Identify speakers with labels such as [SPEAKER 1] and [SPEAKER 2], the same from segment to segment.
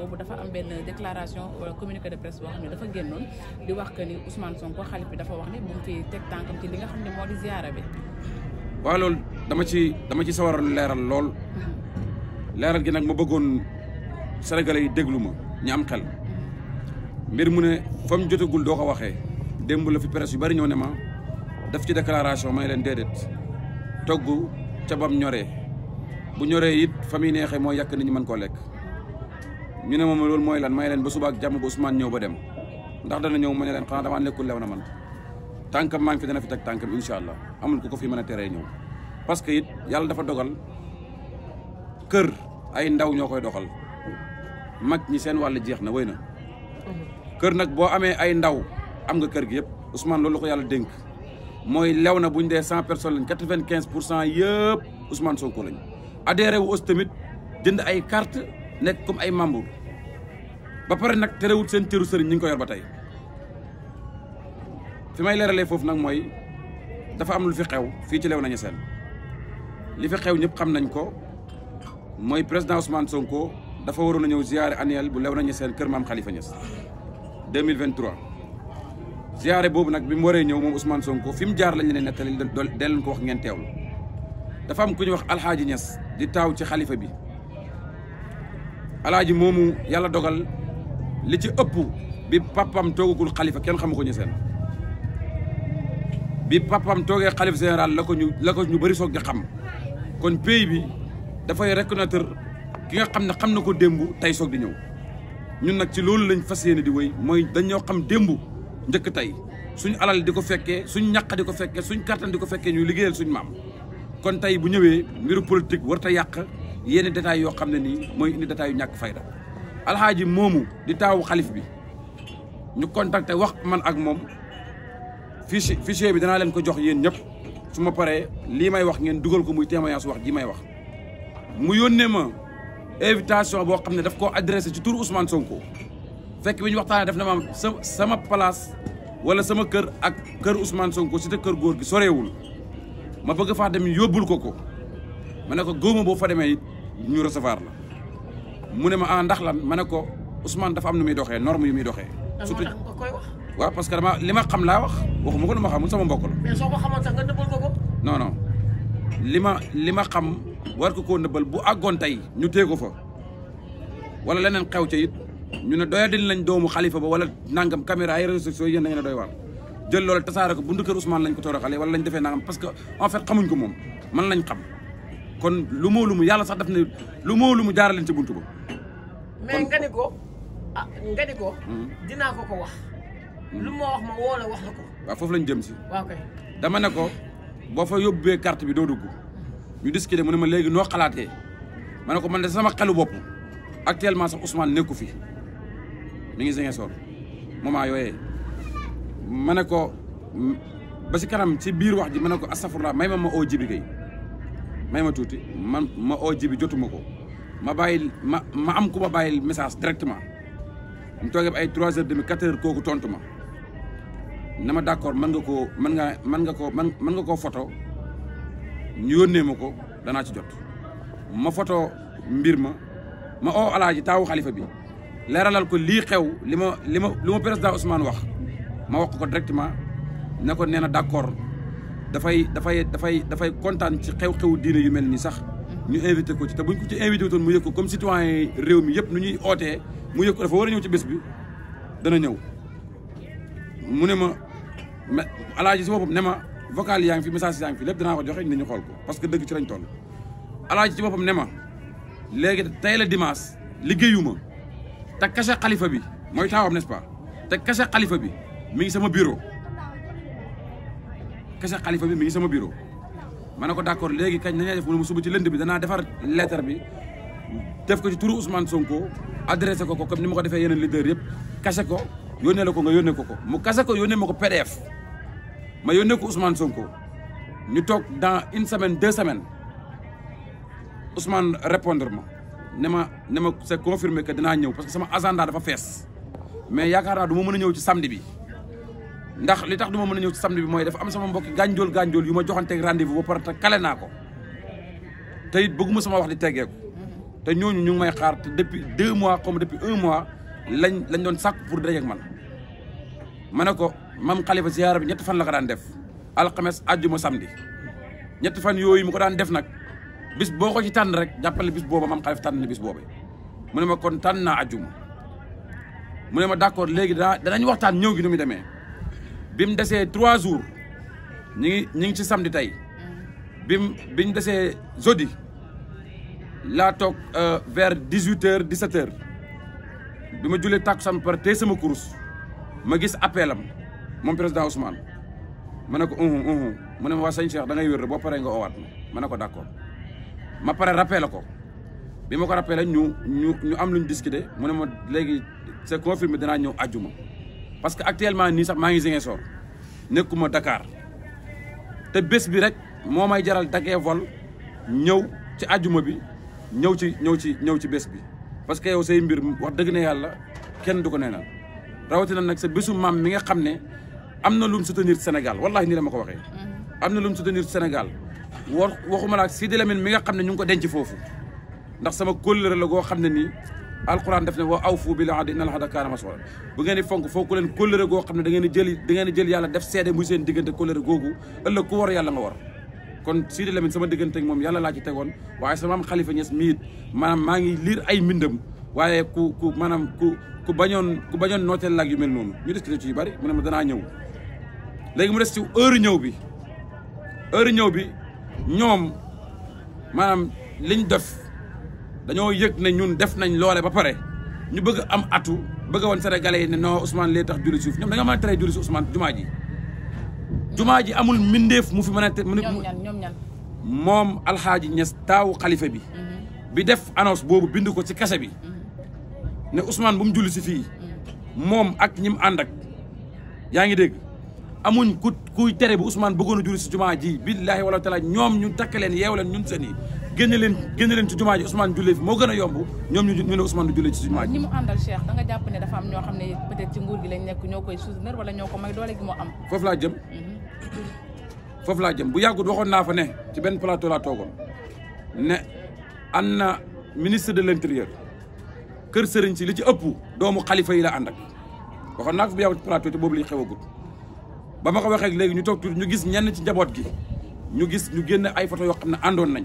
[SPEAKER 1] boobu dafa am benn déclaration wala euh, communiqué de presse boo xam ne dafa génnoon di wax que ni Ousmane Sonko xalif bi dafa wax ne mu ngi ciy teg tànkam ci li nga xam ne moo di ziyaara bi. waaw loolu dama ci dama ci sawar leeral lool leeral gi nag ma bëggoon sénégalais yi déglu ma ñu am xel mbir mu ne fa jotagul doo ko waxee démb la fi presse yu bari ñëw ne ma daf ci déclaration may leen déedéet togg ca bam ñore bu ñoree it fa muy neexee mooy yàkk nit ñi mën koo lekk. ñu ne moom loolu mooy lan may leen ba suba ak jàmm ba Ousmane ñëw ba dem ndax dana ñëw ma leen xanaa damaa lekkul lew na man tànkam maa ngi fi dana fi teg tànkam incha allah amul ku ko fi mën a teree ñëw parce que it yàlla dafa dogal kër ndaw ñoo koy doxal mag ñi seen wàll jeex na wéy na kër nag boo amee ay ndaw am nga kër gi yëpp Ousmane loolu ko yàlla dénk mooy lew na bu ñu dee cent personnes lañ vingt quinze pour cent yëpp Ousmane Sonko lañ adhéré wu tamit jënd ay carte nekk comme ay membre ba pare nag terewut seen cëru sëriñ ñu ngi ko yor ba tey fi may leeralee foofu nag mooy dafa am lu fi xew fii ci Léona Niassène li fi xew ñëpp xam nañ ko mooy président Ousmane Sonko dafa waroon a ñëw ziare annuel bu Léona Niassène kër maam Khalifa Niass 2023 ziare boobu nag bi mu waree ñëw moom Ousmane Sonko fi mu jaar lañ leen nettali delluñ ko wax ngeen teewlu dafa am ku ñuy wax Alhaaji Niass di taaw ci xalifa bi alaaji moomu yàlla dogal li ci ëpp bi papam toogagul xalifa kenn xamu ko ñu seen bi papam toogee xalif général la ko ñu la ñu bëri soog di xam kon pays bi dafay rekk reconnaître ki nga xam ne xam na ko démb tey soog di ñëw ñun nag ci loolu lañ fas yéene di wéy mooy dañoo xam démb njëkk tey suñu alal di ko fekkee suñu ñaq di ko fekkee suñu kàttan di ko fekkee ñu liggéeyal suñu maam kon tey bu ñëwee mbiru politique war ta yàq yenn détails yoo xam ne nii mooy indi détails yu ñàkk fayda alxaaji moomu di taawu xalif bi ñu contacté wax man ak moom fiche fichier bi danaa leen ko jox yéen ñëpp su ma paree lii may wax ngeen dugal ko muy témoignage wax ji may wax mu yónnee ma invitation boo xam ne daf koo adressé ci tur Ousmane Sonko fekk bi ñu waxtaanee def na ma sama place wala sama kër ak kër Ousmane Sonko si te kër góor gi soreewul ma bëgg faa dem yóbbul ko ko ma ne ko góoma boo fa demee it ñu recevoir la mu ne ma ah ndax lan ma ne ko Ousmane dafa am nu muy doxee norme yu muy doxee. surtout waaw parce que dama li ma xam laa wax waxuma ko lu ma xamul sama mbokk ko xamoon sax nga nëbbal non non li ma li ma xam war ko koo nëbbal bu àggoon tey ñu téye ko fa wala leneen xew ca it ñu ne doyadil lañ doomu xalifa ba wala nangam caméra ay réseaux sociaux yéen da ngeen a doy waar. jël loolu tasaare ko bu ndu kër Ousmane lañ ko toroxalee wala lañ defee nangam parce que en xamuñ ko moom man lañ xam. kon lu moo lu mu yàlla sax daf ne lu lu mu jaara ci buntu ba. mais nga ni ko ah nga ni ko. Hmm. dinaa ko ko wax. Hmm. lu ma wax ma woo la wax la ko. waaw foofu lañ jëm si. dama ne ko boo fa yóbbee carte bi doo dugg ñu discuter mu ne ma léegi noo xalaatee ma ne ko man de sama xelu bopp actuellement sax Ousmane nekku fi mi ngi sëñ soor moment yooyee ma ne ko ba si kanam si biir wax ji ma ne ko astafurlah may ma ma oo jibi may ma tuuti man ma oo jibi jotuma ko ma bàyyi ma ma am ko ma bàyyi message directement mu toogee ba ay trois heures demi quatre heures kooku tontu ma na ma d'accord mën nga koo mën nga mën nga koo mën mën nga koo photo ñu yónnee ma ko danaa ci jot ma photo mbir ma ma oo alaaji taawu xalifa bi leeralal ko lii xew li ma li ma li ma président wax ma wax ko directement na ko nee na d'accord dafay dafay dafay dafay kontaan ci xew-xewu diine yu mel nii sax ñu invité ko ci te buñ ko ci invité wutoon mu yëg ko comme citoyen réew mi yëpp nu ñuy ootee mu yëg ko dafa war a ñëw ci bés bi dana ñëw mu ne ma mais si boppam ne ma vocal yaa fi message yaa fi lépp dinaa ko joxe nit ñu xool ko parce que dëgg ci lañ toll alaaji ci boppam ne ma léegi tey la dimanche liggéeyuma te cachet xalifa bi mooy taawam nest te cachet xalifa bi mu ngi sama bureau kese xalifa bi mi ngi sama bureau ma ne ko d'accord léegi kañ nañu def mu ne mu suba ci lënd bi danaa defar lettre bi def ko ci turu Ousmane Sonko adressé ko ko comme ni ma ko defee yeneen leader yëpp kase ko yónnee la ko nga yónnee ko ko mu kase ko yónnee ma ko PDF ma yónnee ko Ousmane Sonko ñu toog dans une semaine deux semaines Ousmane répondre ma ne ma ne ma c'est confirmé que dinaa ñëw parce que sama agenda dafa fees mais yaakaar naa du ma mën a ñëw ci samedi bi. ndax li tax duma mëna ñëw ci samedi bi moy dafa am sama mbokk ganjol ganjol yuma joxante ak rendez-vous ba pare te kale naa ko te it bëgguma sama wax di téggé ko té ñooñu ñu may xaar té depuis 2 mois comme depuis 1 mois lañ lañ doon sàkk pour dajé ak man ma ko mam khalifa ziyara bi ñett fan la ko daan def al khamis aljuma samedi ñett fan yooyu mu ko daan def nak bis boko ci tan rek jappal bis bobu mam khalifa tan bis boobu mu ne ma kon tan na aljuma mu ne ma d'accord légui da danañ waxtaan ñew gi nu muy demee bi mu desee trois jours ñi ngi ñi ngi ci samedi tey bi mu bi ñu desee jeudi laa toog euh, vers dix huit heures dix bi ma julee tàkku sam par tey sama course ma gis appel am moom président Ousmane ma ne ko uhum uhum mu ne ma wax sëñ Cheikh da ngay wér boo paree nga owaat ma ma ne ko d' accord ma pare rappelé ko bi ma ko rappelé ñu ñu ñu am luñ discuté mu ne ma léegi c' est confirmé dinaa ñëw àjjuma parce que actuellement nii sax maa ngi Ziguinchor nekkuma dakaar te bés bi rek moo may jaral dagge vol ñëw ci àjjuma bi ñëw ci ñëw ci ñëw ci bés bi. parce que yow say mbir wax dëgg ne yàlla kenn du ko neenal rawatina nag sa bésu maam mi nga xam ne am na lu mu soutenir Sénégal wallahi nii la ma ko waxee. Mhm. am na lu mu soutenir Sénégal war waxuma laa Sidi Lamine mi nga xam ne ñu ngi ko denc foofu ndax sama kóllëre la goo xam ne nii. alquran def ne wa awfu bil ahdi innal ahda kaana masuulan bu ngeen di fonk fonk leen kóllëre goo xam ne da ngeen di jëli da ngeen di jël yàlla def seede muy seen diggante kóllëre googu ëllëg ku war yàlla nga war kon Sidi Lamine sama diggante moom yàlla laa ci tegoon waaye sama maam Khalifa Niass miit maanaam maa ngi liir ay mbindam waaye ku ku maanaam ku ku bañoon ku bañoon nooteel laag yu mel noonu ñu discuté ci yu bëri mu léegi mu des ci heure ñëw bi heure ñëw bi ñoom maanaam liñ def dañoo yëg ne ñun def nañ loole ba pare ñu bëgg am atu bëgg woon sénégalais yi ne non Ousmane lee tax julli suuf ñoom dañoo mën a tere julli ji jumaa ji amul mbindeef mu fi mën a te moom alxaaji Niass taawu xalifa bi mhm. bi def annonce boobu bind ko ci kase bi mhm. ne Ousmane bu mu si fii moom ak ñi mu ànd ak yaa ngi dégg amuñ ku kuy tere bu Ousmane bëggoon a julli si jumaa ji billaahi wala taala ñoom ñu takk leen yeew leen ñun seen yi génne leen génne leen ci jumaa ji Ousmane jullee moo gën a yomb ñoom ñu ñu ne Ousmane du jullee ci jumaa ji mu àndal Cheikh da nga jàpp ne dafa am ñoo xam ne peut-être ci nguur gi lañ nekk ñoo koy soutenir wala ñoo ko may doole gi moo am foofu laa jëm mhm. foofu laa jëm bu yàggut waxoon naa fa ne ci benn plateau laa toogoon ne am na ministre de l'intérieur kër sëriñ si li ci ëpp doomu xalifa yi la ànd ak waxoon naa ko bu yàggut ci te boobu li xew agut ba ma ko waxee léegi ñu toog tuuti ñu gis ñenn ci njaboot gi ñu gis ñu génn ay photo yoo xam ne àndoon nañ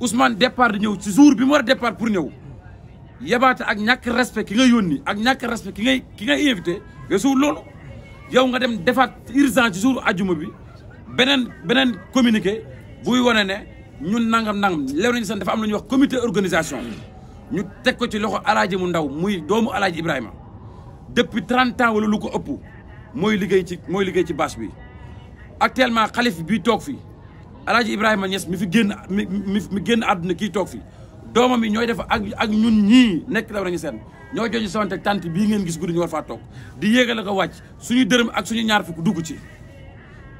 [SPEAKER 1] Ousmane départ ñëw ci jour bi mu war a départ pour ñëw yabaate ak ñàkk respect ki nga yónni ak ñàkk respect ki ngay ki nga invité weesuwul loolu yow nga dem defaat urgent ci jour ajuma bi beneen beneen communiqué buy wane ne ñun nangam nangam lew nañu seen dafa am lu ñuy wax comité organisation ñu teg ko ci loxo alaaji mu ndaw muy doomu alaaji Ibrahima depuis trent ans wala lu ko ëpp mooy liggéey ci mooy liggéey ci bâche bi actuellement xalif bi toog fii alaaji Ibrahima Niass mi fi génn mi mi génn àdduna kii toog fi doomam yi ñooy def ak ak ñun ñii nekk la nañu seen ñoo joju sawante tant bii ngeen gis guddi ñu war faa toog di yéegale ko wàcc suñu dërëm ak suñu ñaar fukk dugg ci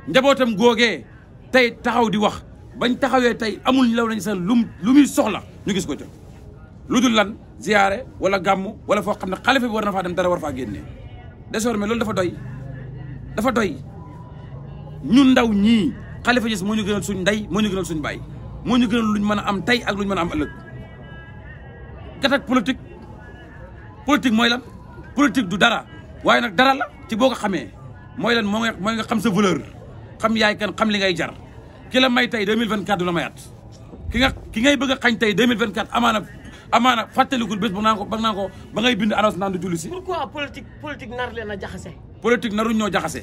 [SPEAKER 1] njabootam googee tey taxaw di wax bañ taxawee tey amul law nañu seen lum lu muy soxla ñu gis ko ca lu du lan ziyaare wala gàmm wala foo xam ne xalifa bi war na faa dem dara war faa génnee désormais loolu dafa doy dafa doy ñun ndaw ñii Khalifa Niass moo ñu gënal suñ ndey moo ñu gënal suñ baay moo ñu gënal luñ mën a am tey ak luñ mën a am ëllëg kat ak politique politique mooy lan politique du dara waaye nag dara la ci boo ko xamee mooy lan moo mooy nga xam sa xam yaay kan xam li ngay jar ki la may tey 2024 du la ki nga ki ngay bëgg a xañ tey 2024 amaana amaana fàttalikul bés ba ko ba naan ko ba ngay bind annonce naan du julli si. pourquoi politique politique nar leen a jaxase. politique naruñ ñoo jaxase.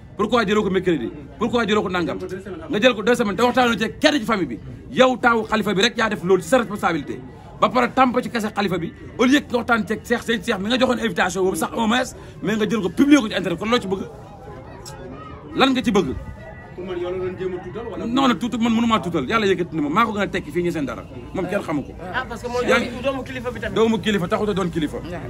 [SPEAKER 1] pourquoi jëlo ko mercredi pourquoi jëlo ko nangam nga jël ko deux semaines te waxtaanoo ci kër ci famille bi yow taw khalifa bi rek ya def lool ci sa responsabilité ba para tamp ci kasse khalifa bi au lieu ko nga waxtaan ceeg seex seen seex mi nga joxone invitation bobu sax au moins mais nga jël ko publier ko ci internet kon lo ci bëgg lan nga ci bëgg non sais pas. man mënumaa tuutal yàlla yëkkati na ma maa pas gën a tekki fii ñu seen dara moom kenn xamu ko ah, doomu kilifa taxuta doon kilifa ah,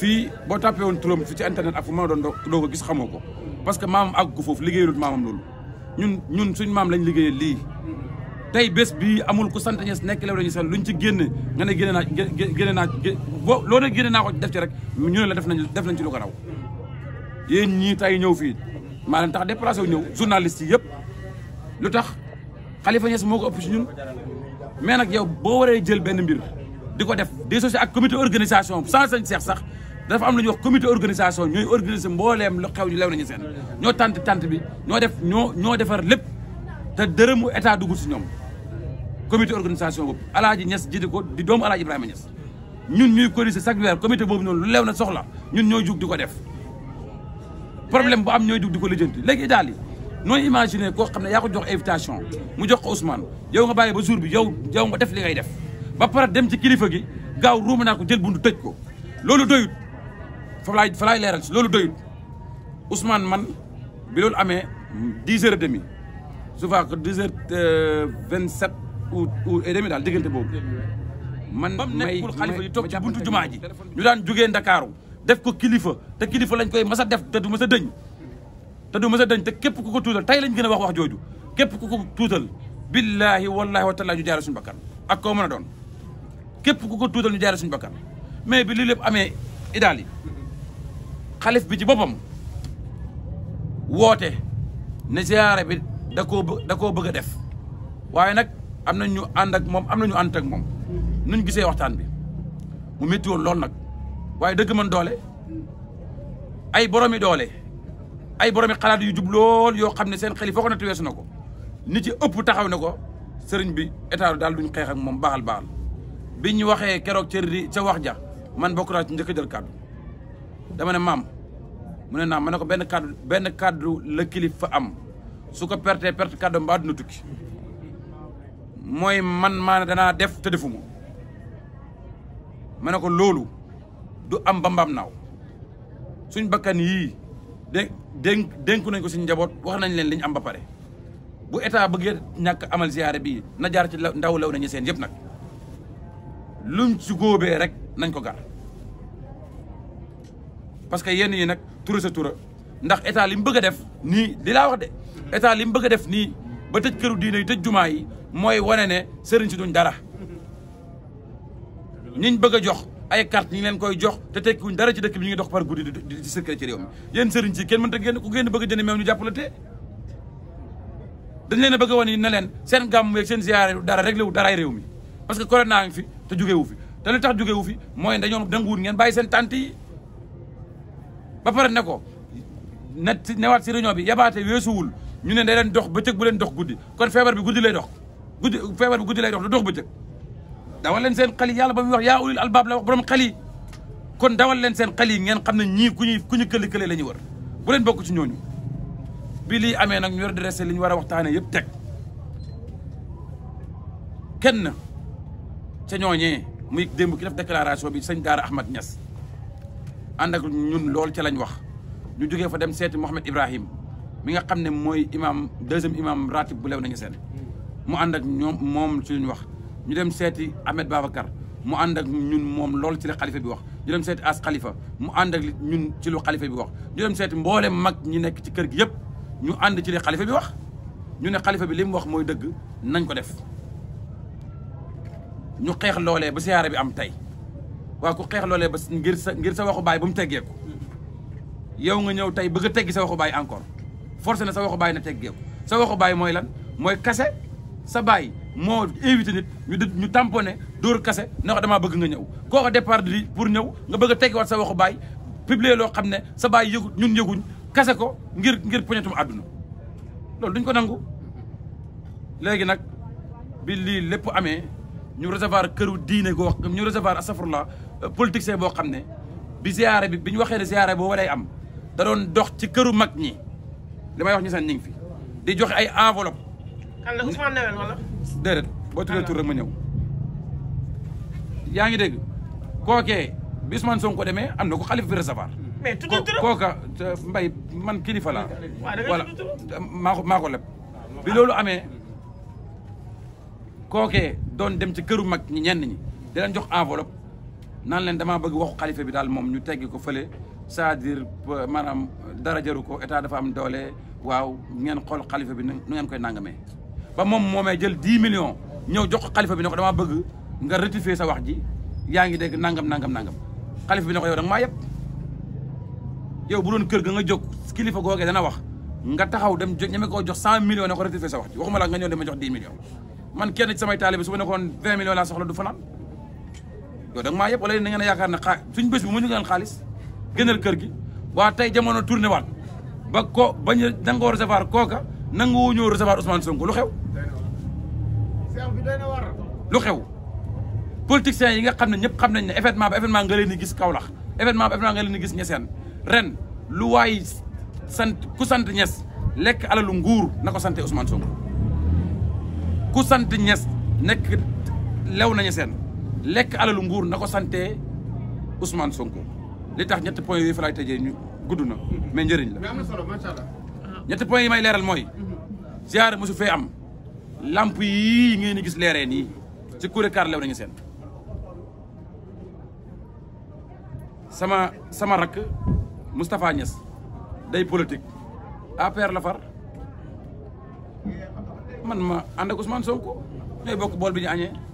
[SPEAKER 1] fii boo tàppee woon turam fi ci internet ne sais ma doon doo gis xamoo parce que maamam ak ko foofu liggéeyul maamam loolu ñun ñun suñ maam lañ liggéeyal lii tey bés bii amul ku sant ñes nekk lew lañu lu ñu ci génne nga ne génne naa génne naa boo loo ne génne naa ko def ci rek ñu ne la def nañ def nañ ci lu ko raw yéen ñii tey ñëw fii maa leen tax déplacé wu ñëw journaliste yi lu tax Khalifa Niass moo ko ëpp ci ñun mais nag yow boo waree jël benn mbir di ko def dissocié ak comité organisation sans sañ seex sax dafa am lu wax comité organisation ñoy organiser mbooleem lu xew ñu lew nañu seen ño tante tante bi ño def ño ño defar lépp te dërëmu état dugul si ñom comité organisation boobu alaaji ñess jidi ko di doomu alaaji Ibrahima ñess ñun ñuy corriger chaque wer comité boobu noonu lu lew na soxla ñun ñoy jug diko def problème bu am ñoy jug diko ko lijjanti léegi daal yi nooy imaginer ko xamne ya ko jox invitation mu jox ko Ousmane yow nga baye ba jour bi yow yow nga def li ngay def ba para dem ci kilifa gi gaaw ruuma na ko jël buntu tejj ko loolu doyut fa laay fa laay leeral si loolu doyut Ousmane man bi loolu amee dix heures et demi souvent que dix heures euh, vingt sept ou ou et demi daal diggante boobu. man may may nekkul xalifa yi toog ci buntu jumaa ji ñu daan jógee Ndakaaru def ko kilifa te kilifa lañ koy mas a def te du mas a dëñ. te du mas a dëñ te képp ku ko tuutal tey lañ gën a wax wax jooju képp ku ko tuutal billaahi wallaahi wa taalaa ñu jaare suñu bakkan ak koo mën a doon képp ku ko tuutal ñu jaare suñu bakkan mais bi li lépp amee idaali خلف بيجي بابم ووته نزيارة بي دكو دكو بغا ديف وايي نك امنا نيو اندك موم امنا نيو انتك موم نون غيسه وقتان بي مو ميتي وون لول نك وايي دغ من دوله اي برومي دوله اي برومي خلاد يو جوب لول يو خامني سين خليفه كنتو ويس نكو نيتي اوب تاخاو نكو سيرن بي اتارو دال دون خيخ موم باخال باخال بي ني واخه كروك تيري تا واخ جا من بوكرا تي نديك ديل كادو dama ne mam mune na mané ko ben kàddu ben kàddu le kilifa am su ko perte kàddu mbaa nu tukki moy man maa dana def te defuma mané ko lolou du am bam naw suñ bakkan yi de dénk dénku nañ ko suñ njaboot wax nañ len liñ am ba pare bu état bëgg ñak amal ziaré bi, na jaar ci ndaw law nañu seen yëpp nak luñ ci gobé rek nañ ko gar parce que yenn yi nag tura sa tura ndax état li mu bëgg a def nii li laa wax de état li mu bëgg a def nii ba tëj këru diine yi tëj jumaa yi mooy wane ne sëriñ si duñ dara ñiñ bëgg a jox ay carte ñi ngi leen koy jox te tekkiwuñ dara ci dëkk bi ñu dox par guddi di circulé ci réew mi yéen sëriñ si kenn mënta génn ku génn bëgg a jënd meew ñu jàppale te dañ leen a bëgg wane ne leen seen gàmm yeeg seen ziyaare dara réglé wu daraay réew mi parce que corona ngi fi te jógewu fi te li tax jógewu fi mooy dañoo nanguwul ngeen bàyyi seen ba pare ne ko na newaat si réunion bi yabaate weesuwul ñu ne day leen dox bëccëg bu leen dox guddi kon feebar bi guddi lay dox guddi feebar bi guddi lay dox du dox bëccëg dawal leen seen xel yi yàlla ba muy wax yaa ulil albaab la wax borom xel yi kon dawal leen seen xel yi ngeen xam ne ñii ku ñuy ku ñu këli këlee la ñuy war bu leen bokk ci ñooñu bi lii amee nag ñu war a dressé li ñu war a waxtaanee yëpp teg kenn ca ñooñee muy démb ki def déclaration bi sëñ Daara Ahmad Niass ànd ak ñun loolu ca lañ wax ñu jógee fa dem seeti Mouhamed Ibrahim mi nga xam ne mooy imam deuxième imam ratib bu lew nañu seen mu ànd ak ñoom moom ci luñ wax ñu dem seeti Ahmed Babacar mu ànd ak ñun moom loolu ci la xalifa bi wax ñu dem seeti as xalifa mu ànd ak ñun ci lu xalifa bi wax ñu dem seeti mboolem mag ñi nekk ci kër gi yëpp ñu ànd ci li xalifa bi wax ñu ne xalifa bi li mu wax mooy dëgg nañ ko def ñu xeex loolee ba siyaare bi am tey waaw ku xeex loolee ba ngir sa ngir sa baay ba mu teggeeku yow nga ñëw tey bëgg a teggi sa waxu baay encore forcé na sa waxu baay na teggeeku sa waxu baay mooy lan mooy kase sa baay moo invité nit ñu di ñu tamponné dóor kase na ko damaa bëgg nga ñëw koo ko départ di pour ñëw nga bëgg a teggiwaat sa waxu baay publier loo xam ne sa baay yëgu ñun yëguñ kase ko ngir ngir poñetum àdduna loolu duñ ko nangu léegi nag bi lii lépp amee ñu recevoir këru diine goo ñu recevoir astafurlah politicien boo xam ne bi ziare bi bi ñu waxee ne ziare boobu day am da doon dox ci këru mag ñi li may wax ñu seen ñu ngi fi di joxe ay enveloppe. kan la Ousmane Noël wala. boo tuddee tur rek ma ñëw. yaa ngi dégg kookee bi Ousmane Sonko demee am na ko xalif bi recevoir. mais tuddee turam kooka Mbaye man kilifa laa. voilà maa ko maa leb. bi loolu amee kookee doon dem ci këru mag ñi ñenn ñi di leen jox enveloppe. naan leen damaa bëgg waxu kalifa bi daal moom ñu teggi ko fële cest dire maanaam dara jaru ko état dafa am doole waaw ngeen xool xalifa bi nu ngeen koy nangamee. ba moom moomee jël dix million ñëw jox ko xalifa bi ne ko damaa bëgg nga rectifier sa wax ji yaa ngi dégg nangam nangam nangam xalifa bi ne ko yow da nga maa yëpp yow bu doon kër ga nga jóg kilifa googee dana wax nga taxaw dem jo ñeme koo jox cent millions ne ko rectifier sa wax ji waxuma la nga ñëw dama jox dix millions. man nekkoon vingt soxla du fanaan yow da nga maa yëpp wala na ngeen a yaakaar ne xaa suñ bés bu mu ñu ngeen xaalis gënal kër gi waa tey jamono tourné waat ba ko bañ nangoo recevoir kooka nangoo ñëw recevoir Ousmane Sonko lu xew lu xew politiciens yi nga xam ne ñëpp xam nañ ne événement ba événement nga leen di gis Kaolack événement ba événement nga leen di gis ñeseen ren lu waay sant ku sant ñes lekk alalu nguur na sante Ousmane Sonko ku sant ñes nekk lew na ñeseen ala lu nguur nako santé Ousmane Sonko li tax ñetti point yi fa lay tejé ñu gudd mais njëriñ la. mais solo point yi may léral moy ziar musu am. lampe yi ngeen gis léré ni ci cour lew nañu sen sama sama rak Moustapha Niass day politique APR la far man ma and ak Ousmane Sonko ñooy bok bol bi ñu